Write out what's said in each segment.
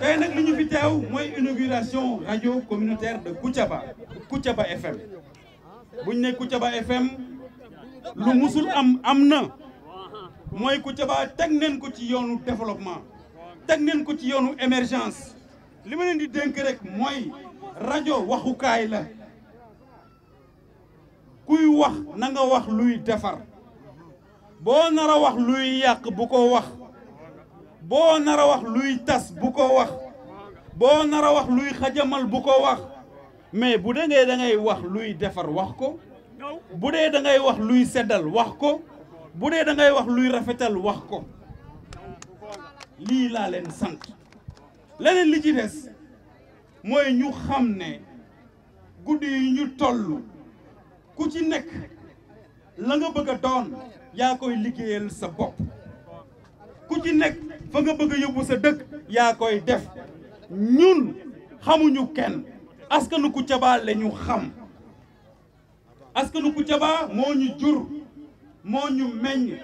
tey nag li ñu fi teew mooy inauguration radio communautaire de Koutiaba Koutiaba FM buñ ne Koutiaba FM lu musul am am na mooy Koutiaba teg neen ko ci yoonu développement teg neen ko ci yoonu émergence li ma leen di dénk rek mooy rajo waxukaay la kuy wax na nga wax luy defar boo nara wax luy yàq bu ko wax boo nar a wax luy tas bu ko wax boo nar a wax luy xajamal bu ko wax mais bu dee dangay wax luy defar wax ko bu dee da wax luy seddal wax ko bu dee dangay wax luy rafetal wax ko lii laa leen sant leneen li ci des mooy ñu xam ne guddi yi ñu toll ku ci nekk la nga bëgg a doon yaa koy liggéeyal sa bopp ku ci nekk fa nga bëgg yóbbu sa dëkk yaa koy def ñun xamuñu kenn askanu Kouthiaba la ñu xam askanu Kouthiaba moo ñu jur moo ñu meññ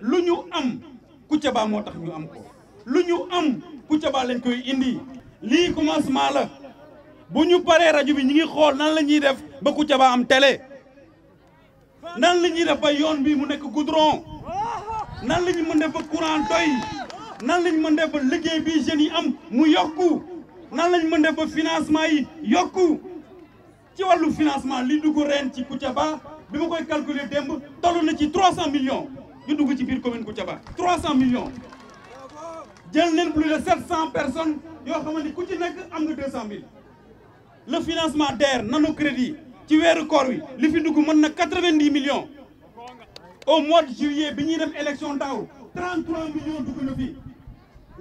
lu ñu am ku Kouthiaba moo tax ñu am ko lu ñu am ku Kouthiaba lañ koy indi lii commencement la bu ñu paree rajo bi ñu ngi xool nan la ñuy def ba Kouthiaba am télé nan la ñuy def ba yoon bi mu nekk goudron nan la mën def ba courant doy nan lañ mën def ba liggéey bi jeunes am mu yokku nan lañ mën def ba financement yi yokku ci wàllu financement li dugg ren ci Koutiaba bi ma koy calculer démb toll na ci 300 millions yu dugg ci biir commune Koutiaba 300 millions jël plus de 700 personnes Yo xamante le ku ci nekk am nga 200 le financement d'air, nano crédit ci weeru koor wi li fi 90 millions au mois de juillet bi ñuy dem élection daaw 33 millions dugg na fi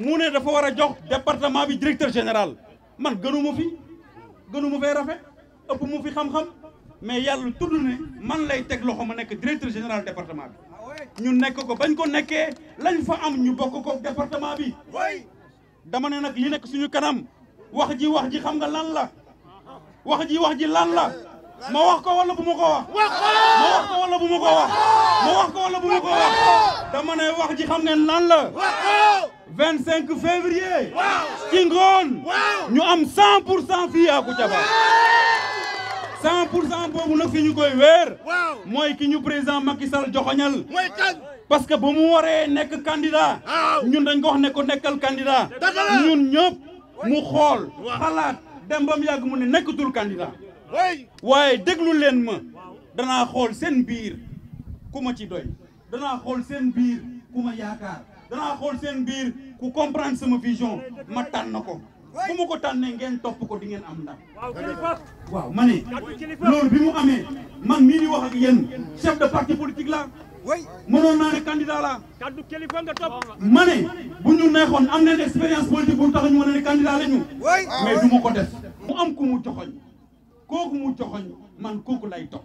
mu ne dafa war a jox département bi directeur général man gënu ma fi gënu ma fay rafet mu fi xam-xam mais yàlla tudd ne man lay teg loxo ma nekk directeur général département bi ñu nekk ko bañ ko nekkee lañ fa am ñu bokk ko département bi dama ne nag li nekk suñu kanam wax ji wax ji xam nga lan la wax ji wax ji lan la ma wax ko wala bu ma ko wax ma wax ko wala bu ma ko wax ma wax ko wala bu ma ko wax dama ne wax ji xam ngeen lan 25 février. ci ngoon. ñu am 100 pour cent fii à Koutiaba. 100 pour cent boobu nag fi ñu koy weer. mooy ki ñu président Macky Sall joxoñal. parce que ba mu waree nekk candidat. ñun dañ ko wax ne ko nekkal candidat. ñun ñëpp mu xool. xalaat dem ba mu yàgg mu ne nekkatul candidat. waaye déglu leen ma danaa xool seen biir ku ma ci doy. danaa xool seen biir ku ma yaakaar. dana xool seen biir ku comprendre sama vision ma tànn ko bu ma ko tànnee ngeen topp ko di ngeen am ndam. waaw ma ne loolu bi mu amee man mii di wax ak yéen chef de parti politique la mënoon naa ne candidat la ma ne bu ñu neexoon am nañ expérience politique bu tax ñu mën a ne candidat la ñu mais du ma ko def mu am ku mu joxoñ kooku mu joxoñ man kooku lay topp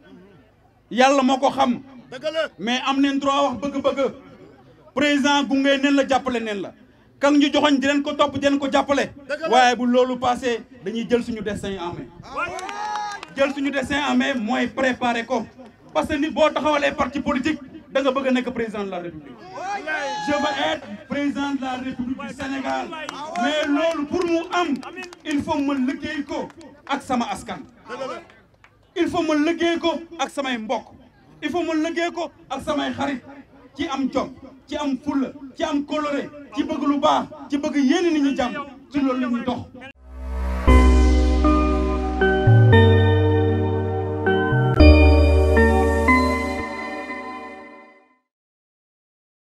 yàlla moo ko xam mais am neen droit wax bëgg-bëgg président gunge neen la jàppale neen la kan ñu joxoñ di leen ko topp di leen ko jàppale waaye bu loolu passé dañuy jël suñu destin en main jël suñu destin en main mooy préparer ko parce que nit boo taxawalee parti politique da nga bëgg a nekk président de la république je veux être président de la république du Sénégal ah mais loolu pour mu am il faut ma liggéey ko ak sama askan il faut mën liggéey ak samay mbok il fo mën liggéey ko ak samay xarit ci am jom ci am fulla ci am coloré ci bëgg lu baax ci bëgg yéene nit ñi jàmm ci loolu la ñuy dox